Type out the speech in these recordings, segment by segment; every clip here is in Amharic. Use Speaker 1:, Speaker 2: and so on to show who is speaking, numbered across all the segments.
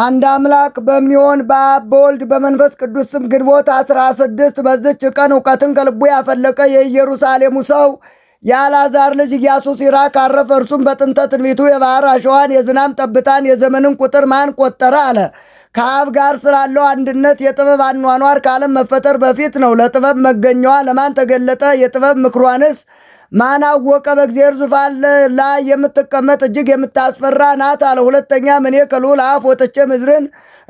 Speaker 1: አንድ አምላክ በሚሆን በአብ በወልድ በመንፈስ ቅዱስ ስም ግንቦት 16 በዝች ቀን እውቀትን ከልቡ ያፈለቀ የኢየሩሳሌሙ ሰው የአልዓዛር ልጅ ኢያሱ ሲራክ አረፈ። እርሱም በጥንተ ትንቢቱ የባህር አሸዋን፣ የዝናም ጠብታን፣ የዘመንን ቁጥር ማን ቆጠረ አለ። ከአብ ጋር ስላለው አንድነት የጥበብ አኗኗር ከዓለም መፈጠር በፊት ነው። ለጥበብ መገኛዋ ለማን ተገለጠ? የጥበብ ምክሯንስ ማን አወቀ? በእግዚአብሔር ዙፋን ላይ የምትቀመጥ እጅግ የምታስፈራ ናት አለ። ሁለተኛ እኔ ከልዑል አፍ ወጥቼ ምድርን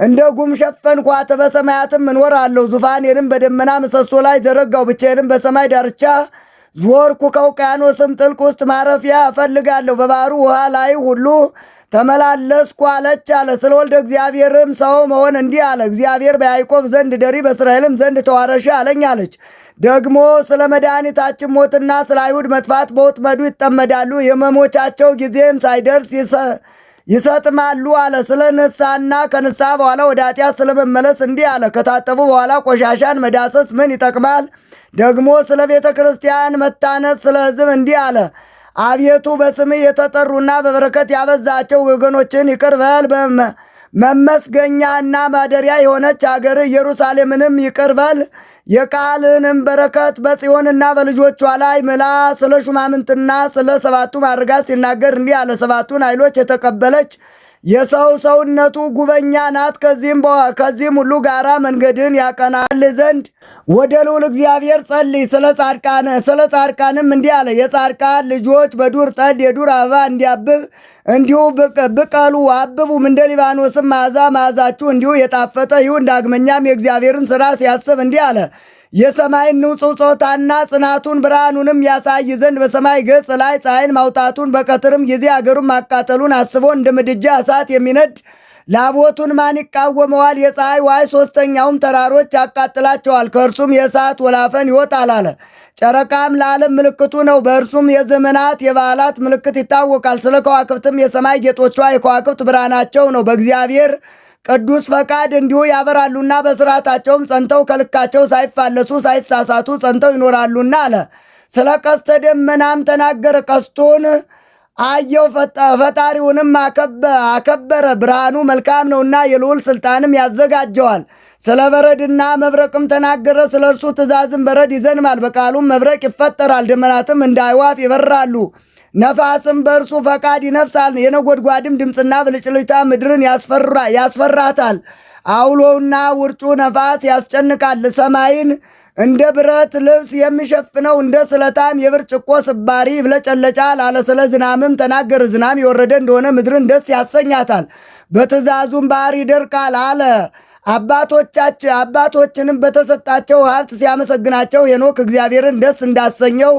Speaker 1: እንደ ጉም ሸፈንኳት፣ በሰማያትም እኖራለሁ። ዙፋኔንም በደመና ምሰሶ ላይ ዘረጋው፣ ብቻዬንም በሰማይ ዳርቻ ዞርኩ ከውቅያኖስም ጥልቅ ውስጥ ማረፊያ እፈልጋለሁ፣ በባህሩ ውሃ ላይ ሁሉ ተመላለስኩ አለች አለ። ስለ ወልደ እግዚአብሔርም ሰው መሆን እንዲህ አለ፣ እግዚአብሔር በያይቆብ ዘንድ ደሪ በእስራኤልም ዘንድ ተዋረሽ አለኝ አለች። ደግሞ ስለ መድኃኒታችን ሞትና ስለ አይሁድ መጥፋት በወጥመዱ ይጠመዳሉ፣ የመሞቻቸው ጊዜም ሳይደርስ ይሰጥማሉ አለ። ስለ ንሳና ከንሳ በኋላ ወደ ኃጢአት ስለመመለስ እንዲህ አለ፣ ከታጠቡ በኋላ ቆሻሻን መዳሰስ ምን ይጠቅማል? ደግሞ ስለ ቤተ ክርስቲያን መታነጽ ስለ ሕዝብ እንዲህ አለ። አቤቱ በስምህ የተጠሩና በበረከት ያበዛቸው ወገኖችን ይቅር በል። መመስገኛና ማደሪያ የሆነች አገር ኢየሩሳሌምንም ይቅር በል። የቃልንም በረከት በጽዮንና በልጆቿ ላይ ምላ። ስለ ሹማምንትና ስለ ሰባቱ ማድረጋት ሲናገር እንዲህ አለ። ሰባቱን ኃይሎች የተቀበለች የሰው ሰውነቱ ጉበኛ ናት። ከዚህም ከዚህም ሁሉ ጋራ መንገድን ያቀናል ዘንድ ወደ ልዑል እግዚአብሔር ጸልይ። ስለ ጻድቃን ስለ ጻድቃንም እንዲህ አለ። የጻድቃን ልጆች በዱር ጠል የዱር አበባ እንዲያብብ እንዲሁ ብቀሉ አብቡም፣ እንደ ሊባኖስም መዓዛ መዓዛችሁ እንዲሁ የጣፈጠ ይሁን። ዳግመኛም የእግዚአብሔርን ስራ ሲያስብ እንዲህ አለ የሰማይን ንጹሕ ጾታና ጽናቱን ብርሃኑንም ያሳይ ዘንድ በሰማይ ገጽ ላይ ፀሐይን ማውጣቱን በቀትርም ጊዜ አገሩን ማቃጠሉን አስቦ እንደ ምድጃ እሳት የሚነድ ላቦቱን ማን ይቃወመዋል? የፀሐይ ዋይ ሶስተኛውም ተራሮች ያቃጥላቸዋል፣ ከእርሱም የእሳት ወላፈን ይወጣል አለ። ጨረቃም ለዓለም ምልክቱ ነው፣ በእርሱም የዘመናት የበዓላት ምልክት ይታወቃል። ስለ ከዋክብትም የሰማይ ጌጦቿ የከዋክብት ብርሃናቸው ነው። በእግዚአብሔር ቅዱስ ፈቃድ እንዲሁ ያበራሉና በስርዓታቸውም ጸንተው ከልካቸው ሳይፋለሱ ሳይሳሳቱ ጸንተው ይኖራሉና አለ። ስለ ቀስተ ደመናም ተናገረ። ቀስቱን አየው ፈጣሪውንም አከበረ። ብርሃኑ መልካም ነውና የልዑል ስልጣንም ያዘጋጀዋል። ስለ በረድና መብረቅም ተናገረ። ስለ እርሱ ትእዛዝም በረድ ይዘንማል፣ በቃሉም መብረቅ ይፈጠራል፣ ደመናትም እንደ አዕዋፍ ይበራሉ። ነፋስም በእርሱ ፈቃድ ይነፍሳል። የነጎድጓድም ድምፅና ብልጭልጭታ ምድርን ያስፈራ ያስፈራታል። አውሎውና ውርጩ ነፋስ ያስጨንቃል። ሰማይን እንደ ብረት ልብስ የሚሸፍነው እንደ ስለታም የብርጭቆ ስባሪ ይብለጨለጫል አለ። ስለ ዝናምም ተናገረ። ዝናም የወረደ እንደሆነ ምድርን ደስ ያሰኛታል። በትእዛዙም ባህር ይደርቃል አለ። አባቶቻችን አባቶችንም በተሰጣቸው ሀብት ሲያመሰግናቸው ሄኖክ እግዚአብሔርን ደስ እንዳሰኘው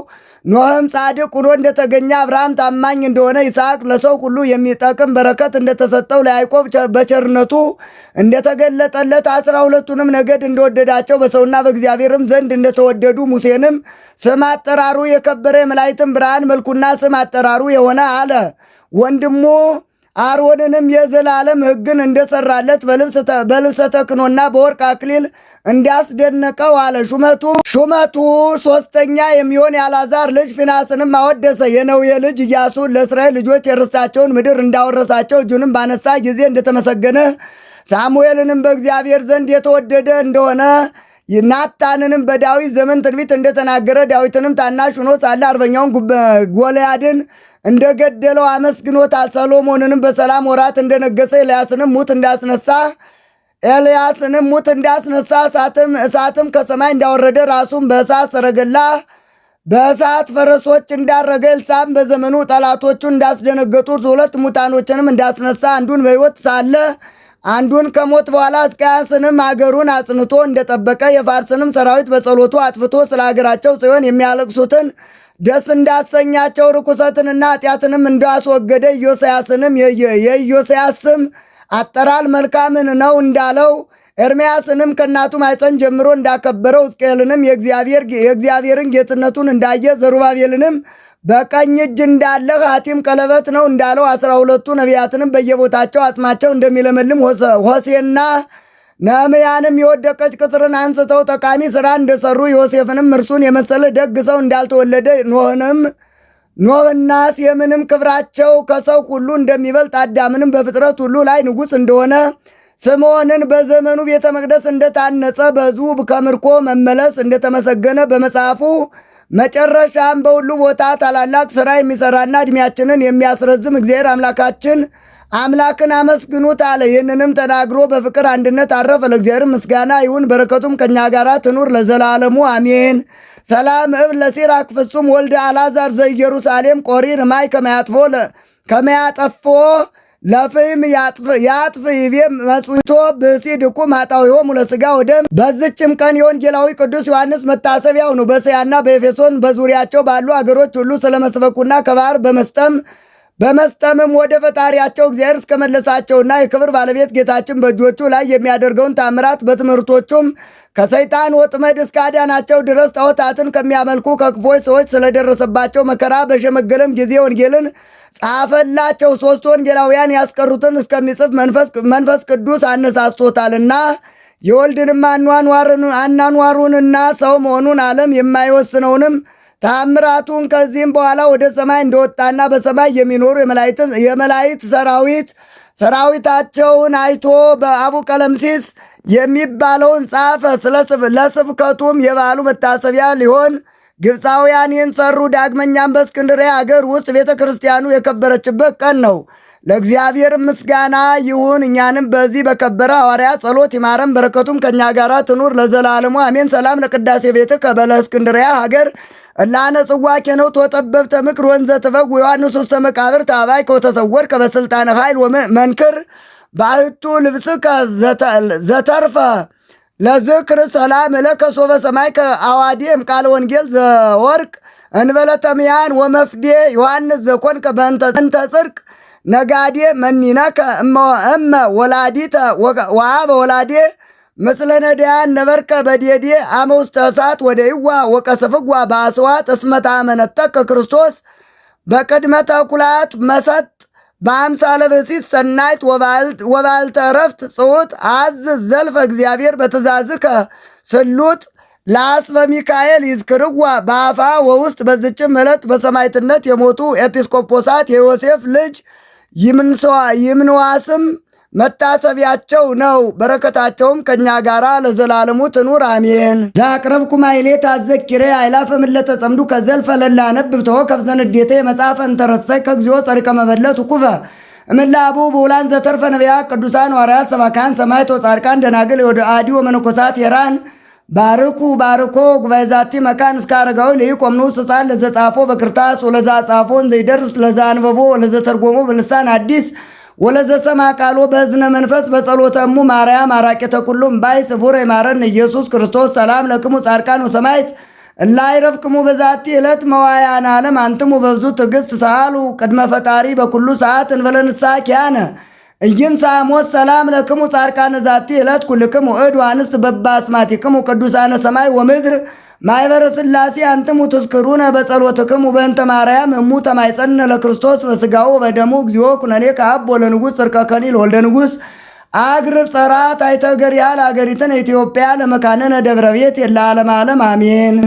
Speaker 1: ኖህም ጻድቅ ሁኖ እንደተገኘ አብርሃም ታማኝ እንደሆነ ይስሐቅ ለሰው ሁሉ የሚጠቅም በረከት እንደተሰጠው ለያዕቆብ በቸርነቱ እንደተገለጠለት አስራ ሁለቱንም ነገድ እንደወደዳቸው በሰውና በእግዚአብሔርም ዘንድ እንደተወደዱ ሙሴንም ስም አጠራሩ የከበረ የመላእክትን ብርሃን መልኩና ስም አጠራሩ የሆነ አለ ወንድሙ አሮንንም የዘላለም ሕግን እንደሰራለት በልብሰ ተክኖና በወርቅ አክሊል እንዳስደነቀው አለ። ሹመቱ ሹመቱ ሶስተኛ የሚሆን የአልዓዛር ልጅ ፊናስንም አወደሰ። የነዌ ልጅ ኢያሱ ለእስራኤል ልጆች የርስታቸውን ምድር እንዳወረሳቸው እጁንም ባነሳ ጊዜ እንደተመሰገነ ሳሙኤልንም በእግዚአብሔር ዘንድ የተወደደ እንደሆነ ናታንንም በዳዊት ዘመን ትንቢት እንደተናገረ ዳዊትንም ታናሽ ሆኖ ሳለ አርበኛውን ጎልያድን እንደ ገደለው አመስግኖታል። ሰሎሞንንም በሰላም ወራት እንደነገሰ ኤልያስንም ሙት እንዳስነሳ ኤልያስንም ሙት እንዳስነሳ እሳትም እሳትም ከሰማይ እንዳወረደ ራሱን በእሳት ሰረገላ በእሳት ፈረሶች እንዳረገ ኤልሳዕም በዘመኑ ጠላቶቹን እንዳስደነገጡት ሁለት ሙታኖችንም እንዳስነሳ አንዱን በሕይወት ሳለ አንዱን ከሞት በኋላ ሕዝቅያስንም አገሩን አጽንቶ እንደጠበቀ የፋርስንም ሰራዊት በጸሎቱ አጥፍቶ ስለ አገራቸው ጽዮን የሚያለቅሱትን ደስ እንዳሰኛቸው ርኩሰትንና ኃጢአትንም እንዳስወገደ ኢዮስያስንም የኢዮስያስ ስም አጠራል መልካምን ነው እንዳለው ኤርምያስንም ከእናቱ ማይፀን ጀምሮ እንዳከበረው ሕዝቅኤልንም የእግዚአብሔርን ጌትነቱን እንዳየ ዘሩባቤልንም በቀኝ እጅ እንዳለ ሐቲም ቀለበት ነው እንዳለው አስራ ሁለቱ ነቢያትንም በየቦታቸው አጽማቸው እንደሚለመልም ሆሴና መምያንም የወደቀች ቅጥርን አንስተው ጠቃሚ ስራ እንደሰሩ ዮሴፍንም እርሱን የመሰለ ደግ ሰው እንዳልተወለደ ኖህንም ኖህና ሴምንም ክብራቸው ከሰው ሁሉ እንደሚበልጥ አዳምንም በፍጥረት ሁሉ ላይ ንጉሥ እንደሆነ ስምዖንን በዘመኑ ቤተ መቅደስ እንደታነጸ በዙብ ከምርኮ መመለስ እንደተመሰገነ በመጽሐፉ መጨረሻም በሁሉ ቦታ ታላላቅ ሥራ የሚሠራና ዕድሜያችንን የሚያስረዝም እግዚአብሔር አምላካችን አምላክን አመስግኑት አለ። ይህንንም ተናግሮ በፍቅር አንድነት አረፈ። ለእግዚአብሔር ምስጋና ይሁን፣ በረከቱም ከእኛ ጋር ትኑር ለዘላለሙ አሜን። ሰላም እብ ለሲራክ ፍጹም ወልደ አላዛር ዘኢየሩሳሌም ቆሪር ማይ ከመያጥፎ ከመያጠፎ ለፍይም ያጥፍ ይቤ መጽቶ ብሲ ድኩም አጣዊሆ ሙለስጋ ወደም። በዝችም ቀን የወንጌላዊ ቅዱስ ዮሐንስ መታሰቢያው ነው። በእስያና በኤፌሶን በዙሪያቸው ባሉ አገሮች ሁሉ ስለመስበኩና ከባህር በመስጠም በመስጠምም ወደ ፈጣሪያቸው እግዚአብሔር እስከመለሳቸውና የክብር ባለቤት ጌታችን በእጆቹ ላይ የሚያደርገውን ታምራት በትምህርቶቹም ከሰይጣን ወጥመድ እስካዳናቸው ድረስ ጣዖታትን ከሚያመልኩ ከክፎች ሰዎች ስለደረሰባቸው መከራ በሸመገለም ጊዜ ወንጌልን ጻፈላቸው። ሶስት ወንጌላውያን ያስቀሩትን እስከሚጽፍ መንፈስ ቅዱስ አነሳስቶታልና የወልድንም አኗኗሩንና ሰው መሆኑን ዓለም የማይወስነውንም ታምራቱን ከዚህም በኋላ ወደ ሰማይ እንደወጣና በሰማይ የሚኖሩ የመላእክት ሰራዊት ሰራዊታቸውን አይቶ በአቡ ቀለምሲስ የሚባለውን ጻፈ። ለስብከቱም የበዓሉ መታሰቢያ ሊሆን ግብፃውያን ይህን ሰሩ። ዳግመኛም በእስክንድርያ አገር ውስጥ ቤተ ክርስቲያኑ የከበረችበት ቀን ነው። ለእግዚአብሔር ምስጋና ይሁን። እኛንም በዚህ በከበረ ሐዋርያ ጸሎት ይማረን፣ በረከቱም ከእኛ ጋር ትኑር ለዘላለሙ አሜን። ሰላም ለቅዳሴ ቤት ከበለ እስክንድሪያ ሀገር እላነ ጽዋኬ ነው ተጠበብተ ምክር ወንዘ ትበግ ዮሐንስ ውስተ መቃብር ታባይ ከተሰወር ከበስልጣን ኃይል መንክር ባህቱ ልብስ ዘተርፈ ለዝክር ሰላም እለከ ሶበ ሰማይ ከአዋዴም ቃል ወንጌል ዘወርቅ እንበለተምያን ወመፍዴ ዮሐንስ ዘኮን ከበንተ ጽድቅ ነጋዴ መኒነከ እመ ወላዲተ ወአበ ወላዴ ምስለ ነዳያን ነበርከ በዴዴ አመ ውስተ እሳት ወደ ይዋ ወቀስፍጓ በአስዋት እስመታ መነተከ ክርስቶስ በቅድመ ተኩላት መሰጥ በአምሳ ለበሲት ሰናይት ወባልተ ረፍት ጽሑት አዝ ዘልፈ እግዚአብሔር በትእዛዝከ ስሉጥ ለአስበ ሚካኤል ይዝክርዋ በአፋ ወውስጥ በዝችም ዕለት በሰማይትነት የሞቱ ኤጲስቆጶሳት የዮሴፍ ልጅ ይምንዋስም መታሰቢያቸው ነው። በረከታቸውም ከእኛ ጋር ለዘላለሙ ትኑር አሜን። ዛቅረብኩ ማይሌ አዘኪሬ አይላፈ ምለተ ጸምዱ ከዘልፈ ለላነብብ ተወ ከብዘንዴቴ መጽሐፈ እንተረሳይ ከግዚኦ ጸሪቀ መበለት ኩፈ እምላቡ በውላን ዘተርፈ ነቢያ ቅዱሳን ዋርያት ሰባካን ሰማይቶ ጻድቃን ደናግል ወደ አዲ ወመነኮሳት የራን ባርኩ ባርኮ ጉባኤዛቲ መካን እስካረጋዊ ለይቆም ንዑስ ሕፃን ለዘ ጻፎ በክርታስ ወለዛ ጻፎን ዘይደርስ ለዛ አንበቦ በልሳን አዲስ ወለዘሰማ ቃሎ በእዝነ መንፈስ በጸሎተ ማርያ ማርያም አራቂተ ኩሉም ባይ ስፉር የማረን ኢየሱስ ክርስቶስ ሰላም ለክሙ ጻድቃን ወሰማይት እላይ ረፍቅሙ በዛቲ ዕለት መዋያን ዓለም አንትሙ በብዙ ትዕግሥት ሰአሉ ቅድመ ፈጣሪ በኩሉ ሰዓት እንበለንሳ ኪያነ ኢይንጻሞት ሰላም ለክሙ ጻድቃነ ዛቲ ዕለት ኩልክሙ እድ አንስት በባስማቲክሙ ቅዱሳነ ሰማይ ወምድር ማይበረ ሥላሴ አንትሙ ትዝክሩነ በጸሎትክሙ በእንተ ማርያም እሙ ተማይጸነ ለክርስቶስ በስጋው በደሙ እግዚኦ ኩነኔ ከአብ ወለንጉሥ ጽርቀ ከሊል ወልደ ንጉሥ አግር ጸራት አይተገር ያል አገሪትን ኢትዮጵያ ለመካነነ ደብረ ቤት የለ ዓለም ዓለም አሜን።